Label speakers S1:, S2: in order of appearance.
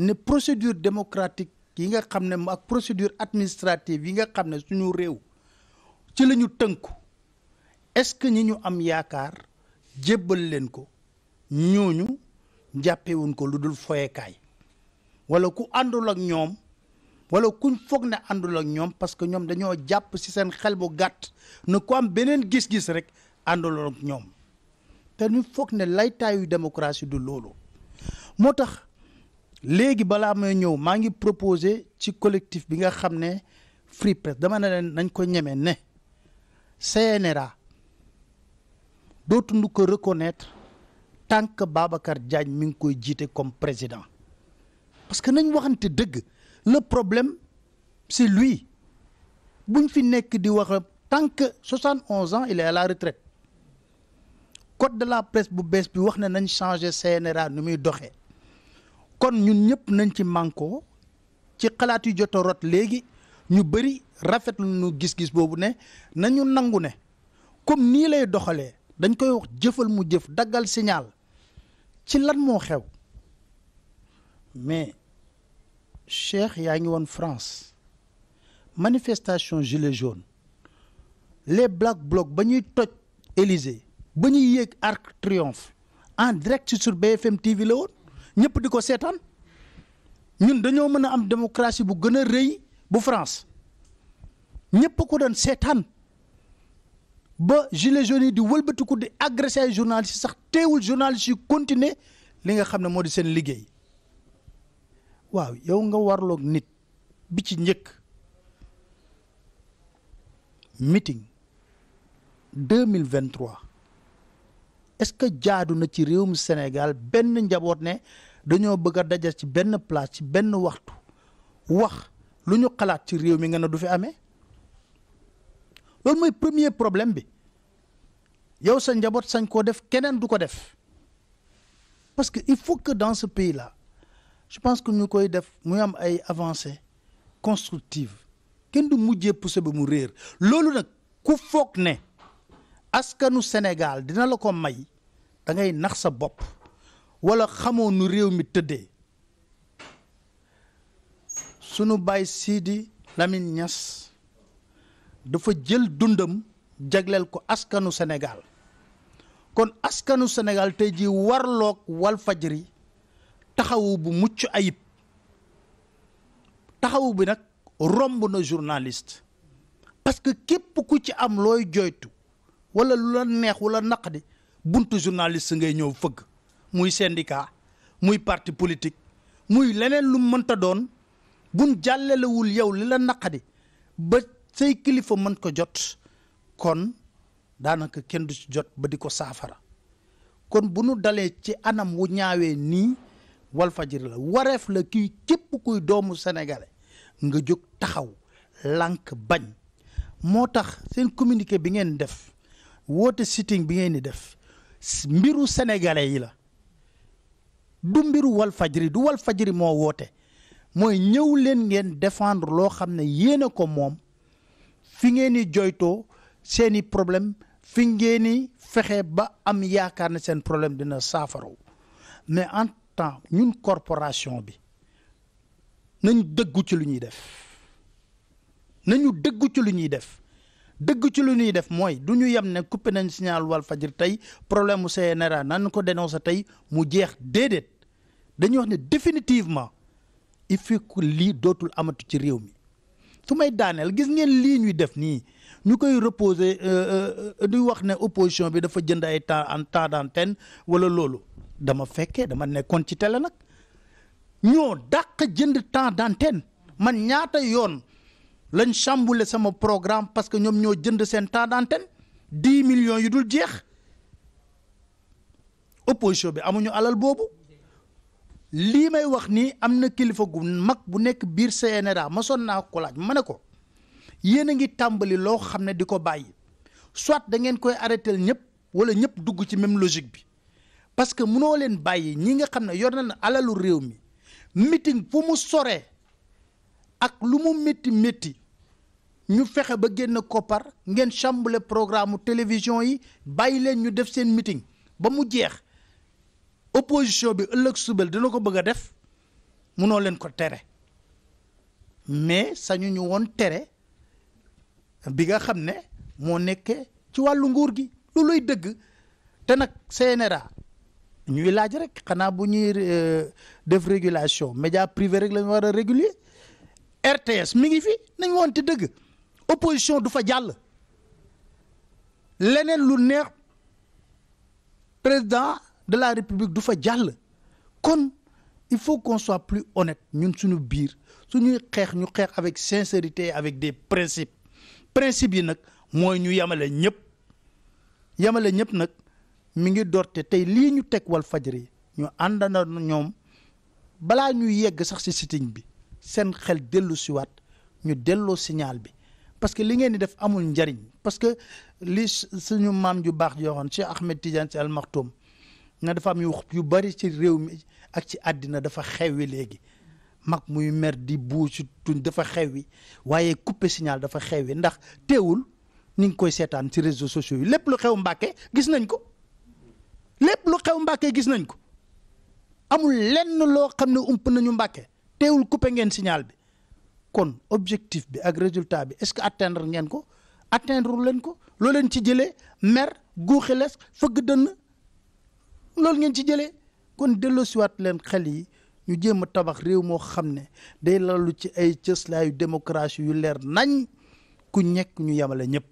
S1: ne procédure démocratique yi nga xam ne ak procédure administrative yi nga xam ne suñu réew ci la ñu tënku est-ce que ñi ñu am yaakaar jébbal leen ko ñooñu jàppewuñ ko lu dul foyekaay wala ku àndul ak ñoom wala kuñ foog ne àndul ak ñoom parce que ñoom dañoo jàpp ci seen xel bu gàtt na ku am beneen gis-gis rek àndul ak ñoom te ñu foog ne laytaayu démocratie du loolu moo tax léegi balaa may ñëw maa ngi proposé ci collectif bi nga xam ne Free Press dama ne leen nañ ko ñemee ne CNRA dootuñu ko reconnaître tant que Babacar Diagne mi ngi koy jiite comme président parce que nañ waxante dëgg le problème c'est lui buñ fi nekk di wax tant que soixante onze ans il est à la retraite code de la presse bu bees bi wax na nañ changer CNRA nu muy doxee kon ñun ñëpp nañ ci mànkoo ci xalaat yu jot a rot léegi ñu bëri rafetlu nu gis-gis boobu ne nañu nangu ne comme nii lay doxalee dañ koy wax jëfal mu jëf daggal signal ci lan moo xew mais Cheikh yaa ngi woon France manifestation gilet jaune les black block ba ñuy toj Élysée ba ñuy yéeg Arc Triomphe en direct sur BFM TV la woon ñëpp di ko seetaan ñun dañoo mën a am démocratie bu gën a rëy bu France ñëpp ko doon seetaan ba gilet jaune yi di wëlbatiku di agressé ay journalistes sax teewul journalistes yi continuer li nga xam ne moo di seen liggéey waaw yow nga warlook nit bi ci njëkk meeting deux mille vingt est-ce que jaadu na ci réewum Sénégal benn njaboot ne dañoo bëgg a daja ci benn place ci benn waxtu wax lu ñu xalaat ci réew mi nga ne du fi amee loolu mooy premier problème bi yow sa njaboot sañ koo def keneen du ko def parce que il faut que dans ce pays là je pense que ñu koy def muy am ay avancé constructives kenn du mujjee poussé ba mu réer loolu nag ku foog ne askanu Sénégal dina la ko may da ngay nax sa bopp. wala xamoo nu réew mi tëddee sunu baay Sidi Lamine ñas dafa jël dundam jagleel ko askanu senegal kon askanu senegal tey ji warloog Walfajri taxawu bu mucc ayib taxawu bi nag romb na journaliste parce que képp ku ci am looy joytu wala lu la neex wala naqdi buntu journaliste ngay ñëw fëgg muy syndicat muy parti politique muy leneen lu mënta doon buñ jàllalewul yow li la naqadi ba say kilifa mën ko jot kon daanaka kenn du si jot ba di ko saafara kon bu nu dalee ci anam wu ñaawee nii Walfadjri la wareef la kii képp kuy doomu sénégalais nga jóg taxaw lànk bañ moo tax seen communiqué bi ngeen def woote sitting bi ngeen di def mbiru sénégalais yi la du mbiru wal fajri du wal fajri moo woote mooy ñëw leen ngeen defendre loo xam ne yéen ko moom fi ngeen di joytoo seen i problème fi ngeen di fexe ba am yaakaar ne seen problème dina saafaraw mais en temps ñun corporation bi nañ dëggu ci lu ñuy def nañu dëggu ci lu ñuy def dëgg ci lu ñuy def mooy du ñu yem ne coupé nañ signal Walfadjri tey problème mu CNRA nan ko dénoncé tey mu jeex déedéet dañuy wax ne définitivement il faut que lii dootul amatu ci réew mi su may daaneel gis ngeen lii ñuy def nii ñu koy reposer euh, euh, di wax ne opposition bi dafa jënd ay temps en temps d'antenne wala loolu dama fekkee dama nekkoon ci télé nag ñoo dàq jënd temps d'antenne man ñaata yoon. lañ chamboulé sama programme parce que ñoom ñoo jënd seen temps d'antenne dix millions yu dul jeex opposition bi amuñu alal boobu lii may wax nii am na kilifa gu mag bu nekk biir CNRA ma sonn naa ko laaj ma ne ko yéen a ngi tàmbali loo xam ne di ko bàyyi soit da ngeen koy arrêté ñëpp wala ñëpp dugg ci même logique bi parce que munoo leen bàyyi ñi nga xam ne yor na alalu réew mi meeting fu mu soree ak lu mu métti métti ñu fexe ba génn koppar ngeen chamboulé programme télévision yi bàyyi leen ñu def seen meeting ba mu jeex opposition bi ëllëg subel dina ko bëgg a def munoo leen ko tere mais sañu ñu woon tere bi nga xam ne moo nekkee ci wàllu nguur gi lu luy dëgg te nag CNRA ñuy laaj rek xanaa bu ñuy euh, def régulation média privé rek la ñu war a réguler RTS mi ngi fi nañ woon te dëgg opposition du fa jàll leneen lu neex président de la république du fa jàll kon il faut qu'on soit plus honnête ñun suñu biir suñuy xeex ñu xeex avec sincérité avec des principes principes yi nag mooy ñu yemale ñëpp yamale ñëpp nag mu ngi dorte tey lii ñu teg wal fajri ñu na ñoom balaa ñuy yegg sax ci sitting bi seen xel dellu siwaat ñu delloo signal bi parce que li ngeen di def amul njariñ parce que li suñu maam ju baax joo xoon Cheikh Ahmed Tidiane Sy Al Maktoum na dafa am yu yu bari ci réew mi ak ci àddina dafa xewwi léegi mag muy mer di buusi tuñ dafa xewwi waaye coupé signal dafa xewwi ndax teewul ñu ngi koy seetaan ci réseau sociaux yu lépp lu xew Mbàkke gis nañ ko lépp lu xew Mbàkke gis nañ ko amul lenn loo xam ne ump nañu Mbàkke teewul coupé ngeen signal bi kon objectif bi ak résultat bi est-ce que atteindre ngeen ko atteindre leen ko loo leen ci jëlee mer guuxilees fëgg dënn loolu ngeen ci jëlee kon delloosiwaat leen xel yi ñu jéem a tabax réew moo xam ne day lalu ci ay cëslaayu démocratie yu leer nañ ku ñekk ñu yemale ñëpp